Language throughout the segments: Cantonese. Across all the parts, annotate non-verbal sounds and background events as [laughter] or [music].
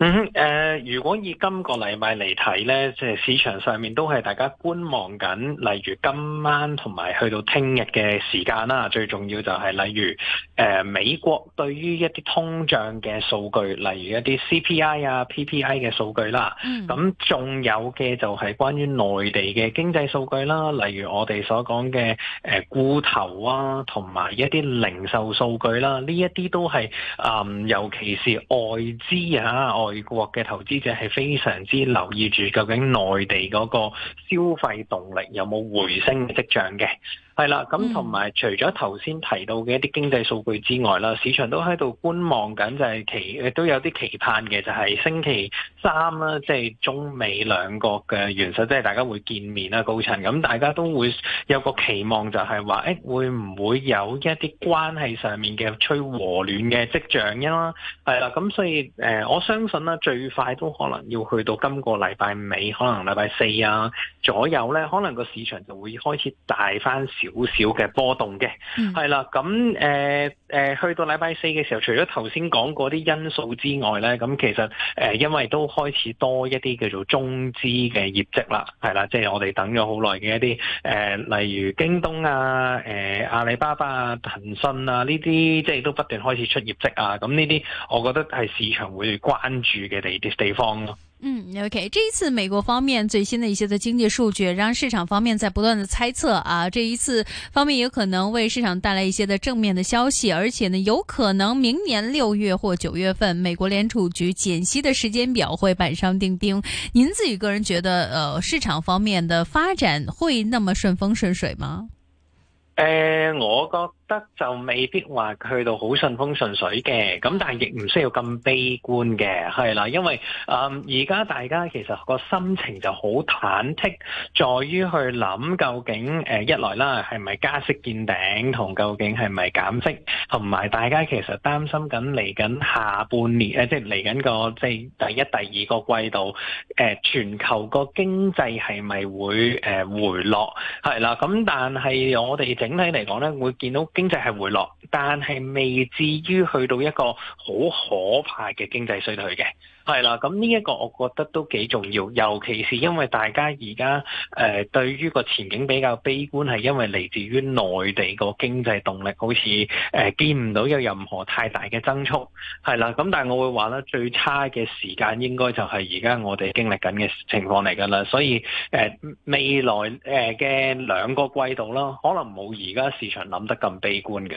嗯，誒、呃、如果以今個禮拜嚟睇咧，即、就、係、是、市場上面都係大家觀望緊，例如今晚同埋去到聽日嘅時間啦、啊。最重要就係例如誒、呃、美國對於一啲通脹嘅數據，例如一啲 CPI 啊、PPI 嘅數據啦。嗯。咁仲有嘅就係關於內地嘅經濟數據啦，例如我哋所講嘅誒固投啊，同埋一啲零售數據啦。呢一啲都係啊、呃，尤其是外資啊。美國嘅投資者係非常之留意住究竟內地嗰個消費動力有冇回升的跡象嘅，係啦。咁同埋除咗頭先提到嘅一啲經濟數據之外啦，市場都喺度觀望緊，就係期都有啲期盼嘅，就係星期三啦，即係中美兩國嘅元首即係大家會見面啦，高層，咁，大家都會有個期望就係話誒會唔會有一啲關係上面嘅趨和暖嘅跡象？因為係啦，咁所以誒、呃、我相信。咁啦，最快都可能要去到今個禮拜尾，可能禮拜四啊左右咧，可能個市場就會開始大翻少少嘅波動嘅。係啦、嗯，咁誒誒去到禮拜四嘅時候，除咗頭先講嗰啲因素之外咧，咁其實誒、呃、因為都開始多一啲叫做中資嘅業績啦，係啦，即、就、係、是、我哋等咗好耐嘅一啲誒、呃、例如京東啊、誒、呃、阿里巴巴啊、騰訊啊呢啲，即、就、係、是、都不斷開始出業績啊。咁呢啲，我覺得係市場會關注。住的地地方，嗯，OK，這一次美國方面最新的一些的經濟數據，讓市場方面在不斷的猜測啊。這一次方面也可能為市場帶來一些的正面的消息，而且呢，有可能明年六月或九月份美國聯儲局減息的時間表會板上釘釘。您自己個人覺得，呃，市場方面的發展會那麼順風順水嗎？誒、呃，我剛。得就未必話去到好順風順水嘅，咁但係亦唔需要咁悲觀嘅，係啦，因為誒而家大家其實個心情就好忐忑，在於去諗究竟誒一來啦係咪加息見頂，同究竟係咪減息，同埋大家其實擔心緊嚟緊下半年誒，即係嚟緊個即係第一、第二個季度誒，全球個經濟係咪會誒回落？係啦，咁但係我哋整體嚟講咧，會見到。經濟係回落，但係未至於去到一個好可怕嘅經濟衰退嘅。係啦，咁呢一個我覺得都幾重要，尤其是因為大家而家誒對於個前景比較悲觀，係因為嚟自於內地個經濟動力好似誒、呃、見唔到有任何太大嘅增速。係啦，咁但係我會話咧，最差嘅時間應該就係而家我哋經歷緊嘅情況嚟㗎啦。所以、呃、未來嘅兩個季度啦，可能冇而家市場諗得咁悲觀嘅。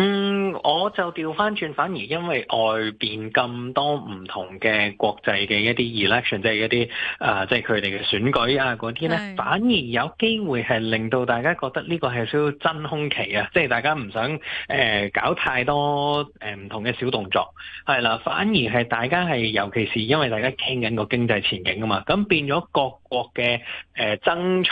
嗯，我就調翻轉，反而因為外邊咁多唔同嘅國際嘅一啲 election，即係一啲誒即係佢哋嘅選舉啊嗰啲咧，呢的反而有機會係令到大家覺得呢個係少少真空期啊，即係大家唔想誒搞太多誒唔同嘅小動作係啦，反而係大家係尤其是因為大家傾緊個經濟前景啊嘛，咁變咗各。國嘅誒、呃、爭取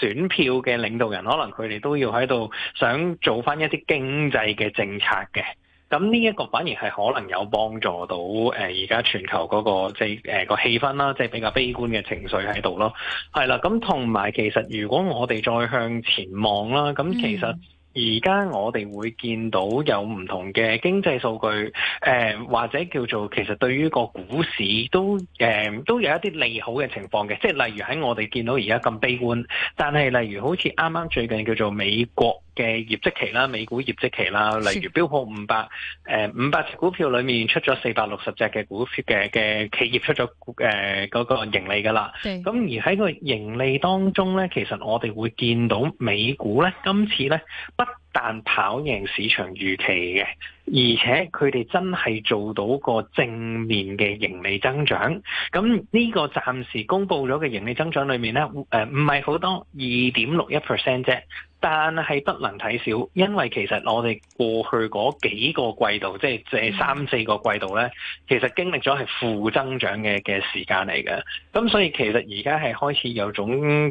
選票嘅領導人，可能佢哋都要喺度想做返一啲經濟嘅政策嘅，咁呢一個反而係可能有幫助到誒而家全球嗰、那個即係誒個氣氛啦，即係比較悲觀嘅情緒喺度咯。係啦，咁同埋其實如果我哋再向前望啦，咁其實。嗯而家我哋會見到有唔同嘅經濟數據，呃，或者叫做其實對於個股市都，呃，都有一啲利好嘅情況嘅，即係例如喺我哋見到而家咁悲觀，但係例如好似啱啱最近叫做美國嘅業績期啦，美股業績期啦，的例如標普五百，呃，誒五百隻股票裏面出咗四百六十隻嘅股票嘅嘅企業出咗誒嗰個盈利噶啦，咁的而喺個盈利當中呢，其實我哋會見到美股呢，今次呢不但跑贏市場預期嘅，而且佢哋真係做到個正面嘅盈利增長。咁呢個暫時公佈咗嘅盈利增長裏面呢，誒唔係好多二點六一 percent 啫。但係不能睇少，因為其實我哋過去嗰幾個季度，即係即係三四個季度咧，其實經歷咗係負增長嘅嘅時間嚟嘅。咁所以其實而家係開始有種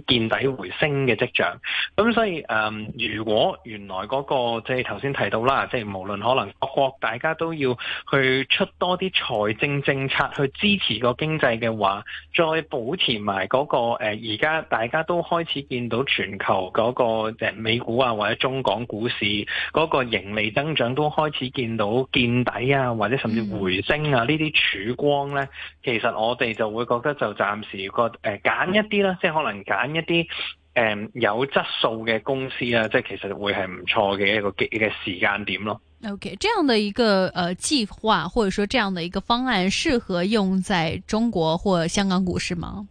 見底回升嘅跡象。咁所以誒、嗯，如果原來嗰、嗰個即係頭先提到啦，即係無論可能各國大家都要去出多啲財政政策去支持個經濟嘅話，再保持埋嗰、嗰個而家、呃、大家都開始見到全球嗰個美股啊，或者中港股市嗰、那個盈利增長都開始見到見底啊，或者甚至回升啊，這些呢啲曙光咧，其實我哋就會覺得就暫時個誒，揀一啲啦，嗯、即係可能揀一啲誒、呃、有質素嘅公司啦，即係其實會係唔錯嘅一個嘅時間點咯。O、okay. K，這樣的一個誒計劃，或者說這樣的一個方案，適合用在中國或香港股市嗎？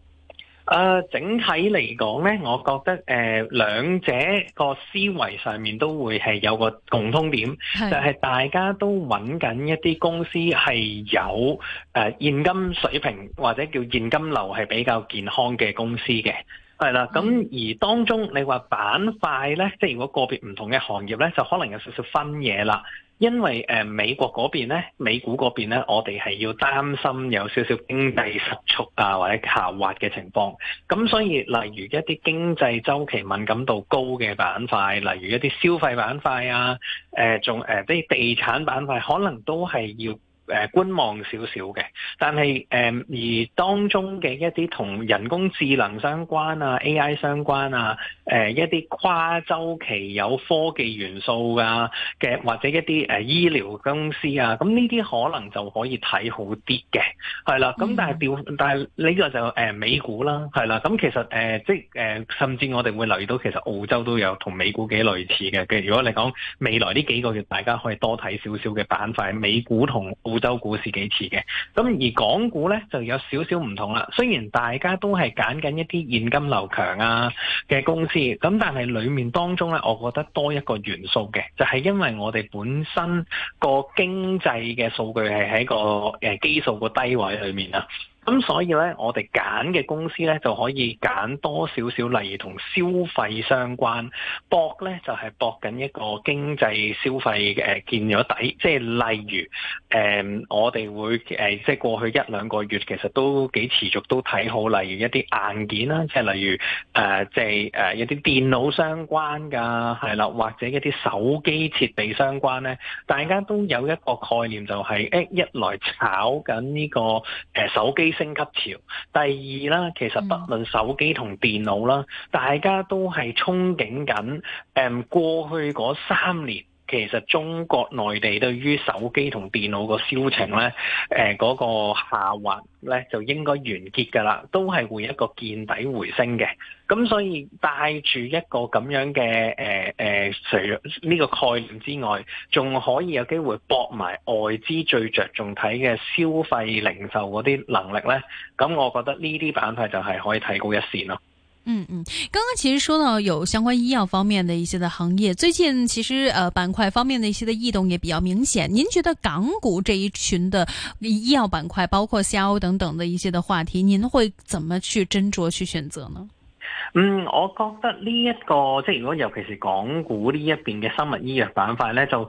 誒、呃、整體嚟講呢，我覺得誒、呃、兩者個思維上面都會係有個共通點，是就係大家都揾緊一啲公司係有誒、呃、現金水平或者叫現金流係比較健康嘅公司嘅。係啦，咁而當中你話板塊咧，即係如果個別唔同嘅行業咧，就可能有少少分野啦。因為、呃、美國嗰邊咧，美股嗰邊咧，我哋係要擔心有少少經濟失速啊或者下滑嘅情況。咁所以例如一啲經濟周期敏感度高嘅板塊，例如一啲消費板塊啊，誒仲誒啲地產板塊，可能都係要。誒，觀望少少嘅，但係誒、呃，而當中嘅一啲同人工智能相關啊、AI 相關啊，誒、呃，一啲跨週期有科技元素啊嘅，或者一啲誒、呃、醫療公司啊，咁呢啲可能就可以睇好啲嘅。係啦，咁但係調，但係呢、嗯、個就誒美股啦，係啦，咁、嗯、其實誒、呃、即係誒、呃，甚至我哋會留意到，其實澳洲都有同美股幾類似嘅，嘅。如果你講未來呢幾個月，大家可以多睇少少嘅板塊，美股同澳。歐洲股市幾似嘅，咁而港股呢就有少少唔同啦。雖然大家都係揀緊一啲現金流強啊嘅公司，咁但係裏面當中呢，我覺得多一個元素嘅，就係、是、因為我哋本身個經濟嘅數據係喺個基數個低位裏面啦。咁所以咧，我哋揀嘅公司咧，就可以揀多少少，例如同消費相關博咧就係、是、博緊一個經濟消費誒見咗底，即係例如誒、嗯、我哋會誒、呃、即係過去一兩個月其實都幾持續都睇好，例如一啲硬件啦，即係例如誒即係誒一啲電腦相關噶，係啦，或者一啲手機設備相關咧，大家都有一個概念就係、是、誒一來炒緊呢個誒手機升級潮，第二啦，其實不論手機同電腦啦，嗯、大家都係憧憬緊誒過去嗰三年。其實中國內地對於手機同電腦個銷情呢，誒嗰、嗯呃嗰個下滑呢，就應該完結㗎啦，都係會一個見底回升嘅。咁所以帶住一個咁樣嘅誒誒，除、呃、呢、呃呢個概念之外，仲可以有機會搏埋外資最着重睇嘅消費零售嗰啲能力呢。咁我覺得呢啲板塊就係可以提高一線咯。嗯嗯，剛剛其實說到有相關醫藥方面的一些的行業，最近其實，呃，板塊方面的一些的異動也比較明顯。您覺得港股這一群的醫藥板塊，包括 CIO 等等的一些的話題，您會怎麼去斟酌去選擇呢？嗯，我覺得呢、這、一個即係如果尤其是港股呢一邊嘅生物醫藥板塊呢，就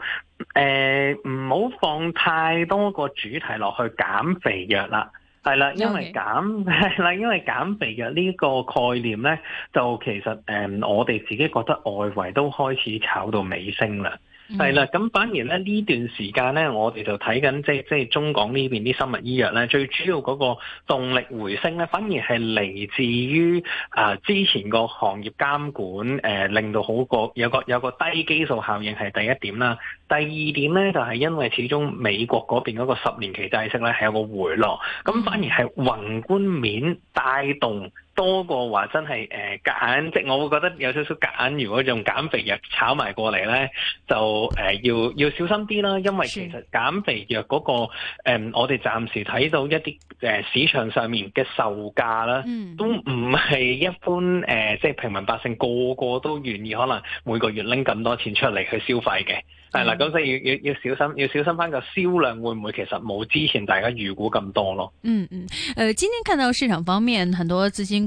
誒唔好放太多個主題落去減肥藥啦。係啦，因為減啦，因為減，Okay. [laughs] 因為減肥嘅呢個概念呢，就其實誒、呃，我哋自己覺得外圍都開始炒到尾聲啦。係啦，咁反而咧呢段時間咧，我哋就睇緊即係即係中港呢邊啲生物醫藥咧，最主要嗰個動力回升咧，反而係嚟自於啊、呃、之前個行業監管誒、呃、令到好過有個有個低基數效應係第一點啦。第二點咧就係、是、因為始終美國嗰邊嗰個十年期債息咧係有個回落，咁反而係宏觀面帶動。多過話真係夾硬，即係我會覺得有少少夾硬。如果用減肥藥炒埋過嚟咧，就誒、呃、要要小心啲啦，因為其實減肥藥嗰、那個是、嗯、我哋暫時睇到一啲誒、呃、市場上面嘅售價啦，都唔係一般誒、呃，即係平民百姓個個都願意可能每個月拎咁多錢出嚟去消費嘅。係啦，咁所以要要要小心，要小心翻個銷量會唔會其實冇之前大家預估咁多咯。嗯嗯，誒、呃，今天看到市場方面很多資金。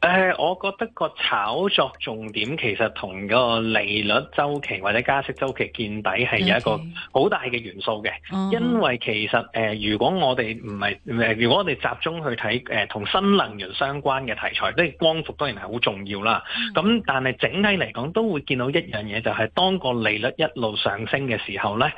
誒、呃，我覺得個炒作重點其實同個利率周期或者加息周期見底係有一個好大嘅元素嘅，okay. uh huh. 因為其實、呃、如果我哋唔係如果我哋集中去睇誒同新能源相關嘅題材，即係光伏當然係好重要啦。咁、uh huh. 嗯、但係整體嚟講，都會見到一樣嘢，就係、是、當個利率一路上升嘅時候咧。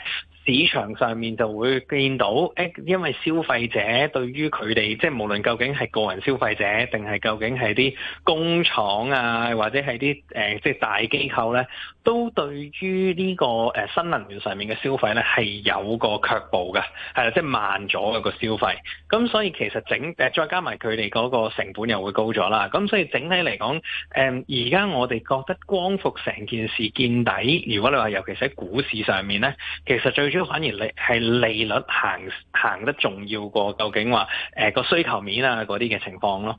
市場上面就會見到誒，因為消費者對於佢哋即係無論究竟係個人消費者定係究竟係啲工廠啊，或者係啲誒，即係大機構咧，都對於呢個誒新能源上面嘅消費咧，係有個卻步嘅，係啦，即係慢咗個消費。咁所以其實整誒再加埋佢哋嗰個成本又會高咗啦。咁所以整體嚟講，誒而家我哋覺得光伏成件事見底。如果你話，尤其是喺股市上面咧，其實最主要反而利係利率行行得重要過，究竟話誒個需求面啊嗰啲嘅情況咯。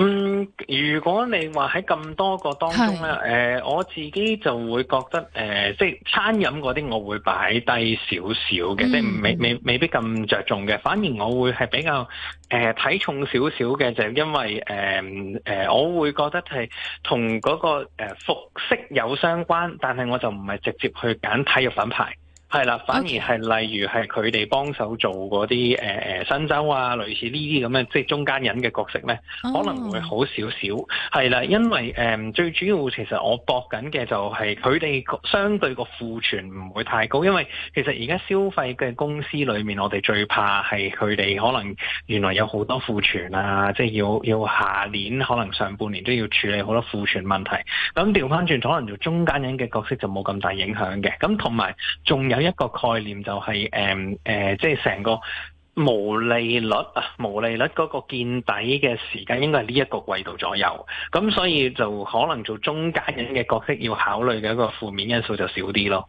嗯，如果你話喺咁多個當中咧，誒是、呃，我自己就會覺得，誒、呃，即係餐飲嗰啲我會擺低少少嘅，嗯、即係未未未必咁着重嘅，反而我會係比較誒睇、呃、重少少嘅，就因為誒誒、呃呃，我會覺得係同嗰個誒服飾有相關，但係我就唔係直接去揀體育品牌。係啦，反而係 Okay. 例如係佢哋幫手做嗰啲誒新州啊，類似呢啲咁嘅即係中間人嘅角色咧，Oh. 可能會好少少係啦，因為誒、呃、最主要其實我搏緊嘅就係佢哋相對個庫存唔會太高，因為其實而家消費嘅公司裏面，我哋最怕係佢哋可能原來有好多庫存啊，即係要要下年可能上半年都要處理好多庫存問題。咁調翻轉可能做中間人嘅角色就冇咁大影響嘅。咁同埋仲有。有一個概念就係誒誒，即係成個毛利率啊，毛利率嗰個見底嘅時間應該係呢一個季度左右，咁所以就可能做中間人嘅角色要考慮嘅一個負面因素就少啲咯。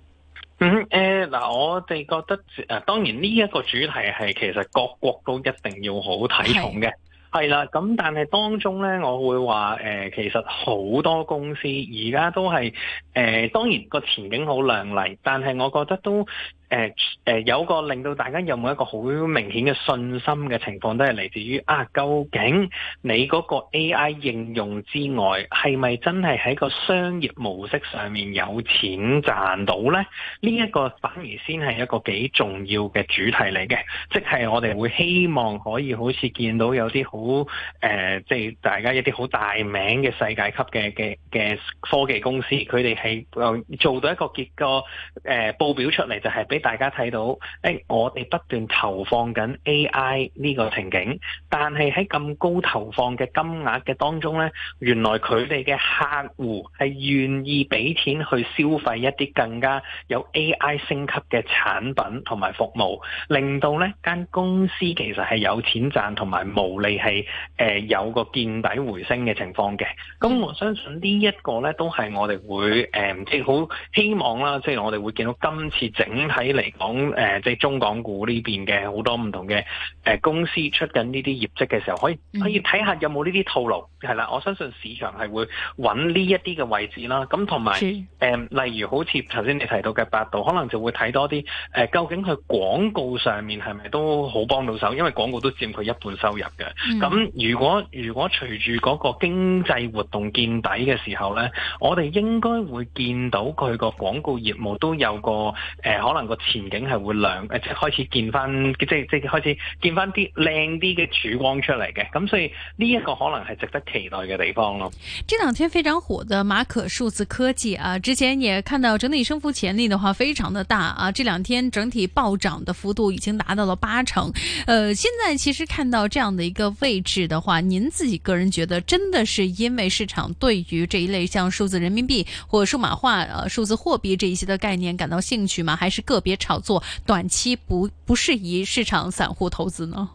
嗯，嗱、呃，我哋覺得誒、呃、當然呢一個主題係其實各國都一定要好睇重嘅，係啦 Okay.。咁但係當中咧，我會話誒、呃、其實好多公司而家都係誒、呃、當然個前景好亮麗，但係我覺得都。誒誒、呃呃、有個令到大家有冇一個好明顯嘅信心嘅情況都係嚟自於啊，究竟你嗰個 AI 應用之外，係咪真係喺個商業模式上面有錢賺到咧？呢、這、一個反而先係一個幾重要嘅主題嚟嘅，即、就、係、是、我哋會希望可以好似見到有啲好誒即係大家一啲好大名嘅世界級嘅嘅嘅科技公司，佢哋係誒做到一個結果誒、呃、報表出嚟，就係俾。大家睇到，誒，我哋不斷投放緊 AI 呢個情景，但係喺咁高投放嘅金額嘅當中咧，原來佢哋嘅客戶係願意俾錢去消費一啲更加有 AI 升級嘅產品同埋服務，令到呢間公司其實係有錢賺同埋毛利係誒有個見底回升嘅情況嘅。咁我相信呢一個咧都係我哋會誒即係好希望啦，即係我哋會見到今次整體。嚟講，誒、呃，即係中港股呢邊嘅好多唔同嘅誒、呃、公司出緊呢啲業績嘅時候，可以、嗯、可以睇下有冇呢啲套路係啦。我相信市場係會揾呢一啲嘅位置啦。咁同埋誒，例如好似頭先你提到嘅百度，可能就會睇多啲誒，究竟佢廣告上面係咪都好幫到手？因為廣告都佔佢一半收入嘅。咁、嗯、如果如果隨住嗰個經濟活動見底嘅時候咧，我哋應該會見到佢個廣告業務都有個誒、呃、可能。個前景係會亮，開開始見返，即係即係開始見返啲靚啲嘅曙光出嚟嘅，咁所以呢一個可能係值得期待嘅地方咯。這兩天非常火的馬可數字科技啊，之前也看到整體升幅潛力的話非常的大啊，這兩天整體暴漲的幅度已經達到了八成。呃，現在其實看到這樣的一個位置的話，您自己個人覺得真的是因為市場對於這一類像數字人民幣或數碼化、誒、啊、數字貨幣這一些的概念感到興趣嗎？還是個？別炒作，短期不不適宜市場散戶投資呢？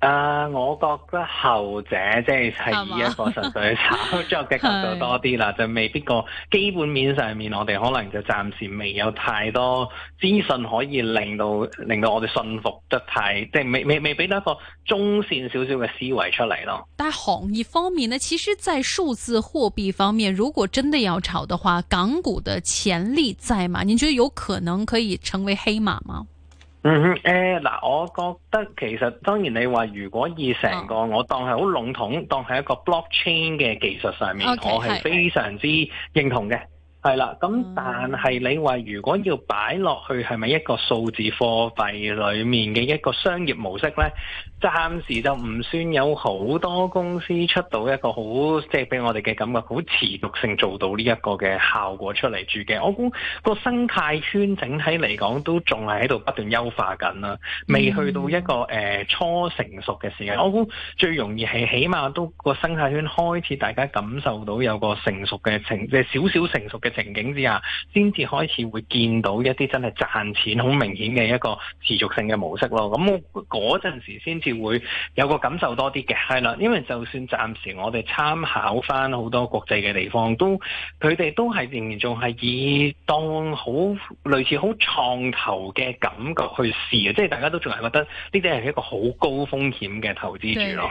誒，uh, 我覺得後者即係以一個純粹炒作嘅角度多啲啦，是吧 [laughs] 是就未必個基本面上面，我哋可能就暫時未有太多資訊可以令到令到我哋信服得太，即、就、係、是、未未未俾到一個中線少少嘅思維出嚟咯。但係另一方面呢，其實在數字貨幣方面，如果真的要炒的話，港股的潛力在嘛？你覺得有可能可以成為黑馬嗎？嗯哼，誒嗱，我覺得其實當然你話如果以成個、Oh. 我當係好籠統，當係一個 blockchain 嘅技術上面，Okay. 我係非常之認同嘅。係啦，咁但係你話如果要擺落去係咪一個數字貨幣裏面嘅一個商業模式呢？暫時就唔算有好多公司出到一個好，即係俾我哋嘅感覺好持續性做到呢一個嘅效果出嚟住嘅。我估個生態圈整體嚟講都仲係喺度不斷優化緊啦，未去到一個誒、呃、初成熟嘅時間。我估最容易係起碼都個生態圈開始大家感受到有個成熟嘅情，即係少少成熟嘅。情景之下，先至開始會見到一啲真係賺錢好明顯嘅一個持續性嘅模式咯。咁我嗰陣時先至會有個感受多啲嘅，係啦。因為就算暫時我哋參考翻好多國際嘅地方，都佢哋都係仍然仲係以當好類似好創投嘅感覺去試啊，即係大家都仲係覺得呢啲係一個好高風險嘅投資嚟咯。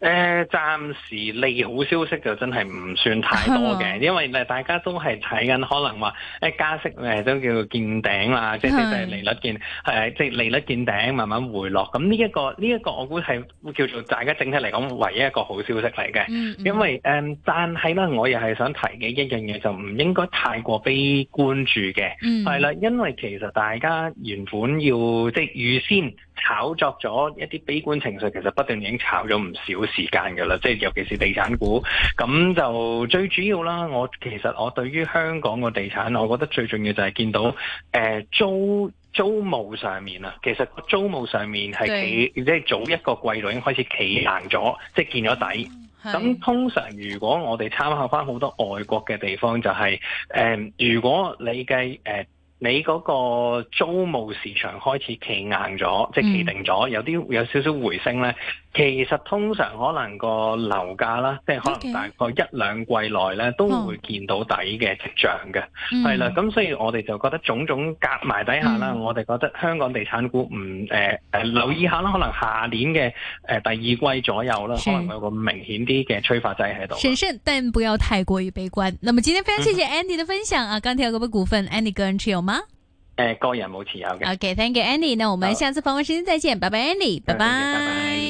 誒、呃，暫時利好消息就真係唔算太多嘅，的因為大家都係睇緊，可能話誒加息都叫做見頂啦，的即係即係利率見，即係利率見頂，慢慢回落。咁呢一個呢一個我估係會叫做大家整體嚟講唯一一個好消息嚟嘅。嗯嗯因為誒、嗯，但係咧，我又係想提嘅一樣嘢，就唔應該太過悲觀住嘅，係啦、嗯，因為其實大家原本要即係預先，炒作咗一啲悲觀情緒，其實不斷已經炒咗唔少時間嘅啦，即係尤其是地產股。咁就最主要啦，我其實我對於香港個地產，我覺得最重要就係見到誒、呃、租租務上面啊，其實個租務上面係企，對即係早一個季度已經開始企硬咗，對即係見咗底。咁對通常如果我哋參考翻好多外國嘅地方、就是，就係誒，如果你計誒。呃你嗰個租務市場開始企硬咗，即係企定咗、嗯，有啲有少少回升咧。其實通常可能個樓價啦，即係可能大概一兩季內咧，都會見到底嘅跡象嘅，係啦、okay. oh. mm。咁、hmm. 嗯、所以我哋就覺得種種夾埋底下啦，mm hmm. 我哋覺得香港地產股唔誒誒留意下啦，可能下年嘅誒第二季左右啦，是可能會有個明顯啲嘅催化劑喺度。謹慎，但不要太過於悲觀。那麼今天非常謝謝 Andy 的分享啊，剛聽有個股份、mm hmm. Andy 個人持有嗎？誒、呃，個人冇持有嘅。OK，thank、okay, you Andy，那我們下次訪問時間再見，拜拜，Andy，拜拜。Bye bye.